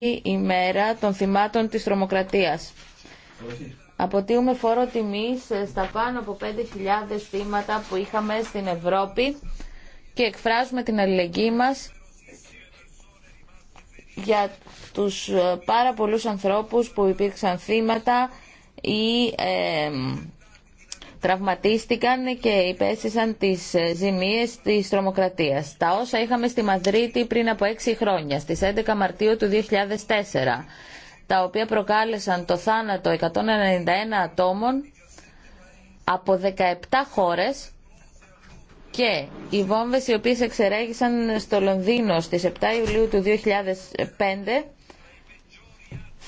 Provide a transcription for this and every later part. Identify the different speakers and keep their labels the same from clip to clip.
Speaker 1: η ημέρα των θυμάτων της τρομοκρατίας. Όχι. Αποτείουμε φόρο τιμής ε, στα πάνω από 5.000 θύματα που είχαμε στην Ευρώπη και εκφράζουμε την αλληλεγγύη μας για τους ε, πάρα πολλούς ανθρώπους που υπήρξαν θύματα ή ε, τραυματίστηκαν και υπέστησαν τις ε, ζημίες της τρομοκρατίας. Τα όσα είχαμε στη Μαδρίτη πριν από έξι χρόνια, στις 11 Μαρτίου του 2004, τα οποία προκάλεσαν το θάνατο 191 ατόμων από 17 χώρες και οι βόμβες οι οποίες εξερέγησαν στο Λονδίνο στις 7 Ιουλίου του 2005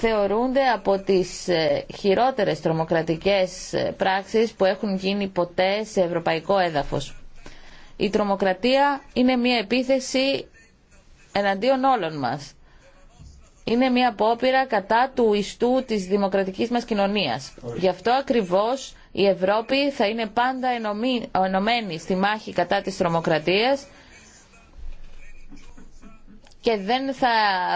Speaker 1: θεωρούνται από τις ε, χειρότερες τρομοκρατικές ε, πράξεις που έχουν γίνει ποτέ σε ευρωπαϊκό έδαφος. Η τρομοκρατία είναι μια επίθεση εναντίον όλων μας. Είναι μια απόπειρα κατά του ιστού της δημοκρατικής μας κοινωνίας. Γι' αυτό ακριβώς η Ευρώπη θα είναι πάντα ενωμένη στη μάχη κατά της τρομοκρατίας και δεν θα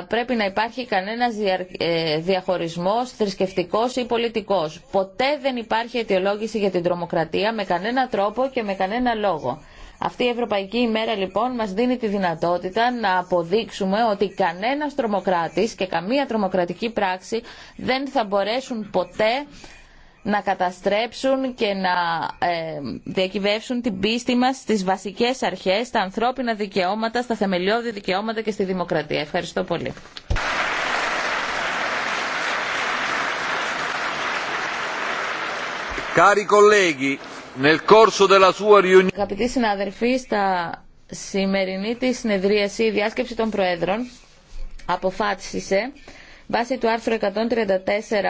Speaker 1: πρέπει να υπάρχει κανένας ε, διαχωρισμός θρησκευτικός ή πολιτικός. Ποτέ δεν υπάρχει αιτιολόγηση για την τρομοκρατία με κανένα τρόπο και με κανένα λόγο. Αυτή η Ευρωπαϊκή ημέρα λοιπόν μας δίνει τη δυνατότητα να αποδείξουμε ότι κανένας τρομοκράτης και καμία τρομοκρατική πράξη δεν θα μπορέσουν ποτέ να καταστρέψουν και να ε, διακυβεύσουν την πίστη μας στις βασικές αρχές, στα ανθρώπινα δικαιώματα, στα θεμελιώδη δικαιώματα και στη δημοκρατία. Ευχαριστώ πολύ. Cari colleghi, nel corso della sua riunione... Αγαπητοί συναδελφοί, στα σημερινή της συνεδρίαση η διάσκεψη των Προέδρων αποφάσισε βάσει του άρθρου 134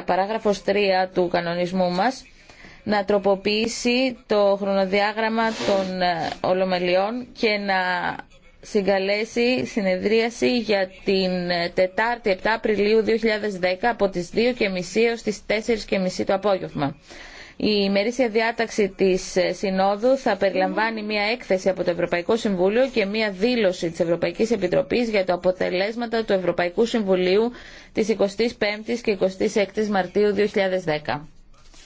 Speaker 1: παράγραφος 3 του κανονισμού μας να τροποποιήσει το χρονοδιάγραμμα των ε, Ολομελιών και να συγκαλέσει συνεδρίαση για την ε, Τετάρτη 7 Απριλίου 2010 από τις 2.30 έως τις 4.30 το απόγευμα. Η ημερήσια διάταξη της ε, Συνόδου θα περιλαμβάνει μία έκθεση από το Ευρωπαϊκό Συμβούλιο και μία δήλωση της Ευρωπαϊκής Επιτροπής για τα αποτελέσματα του Ευρωπαϊκού Συμβουλίου της 25ης και 26ης Μαρτίου 2010.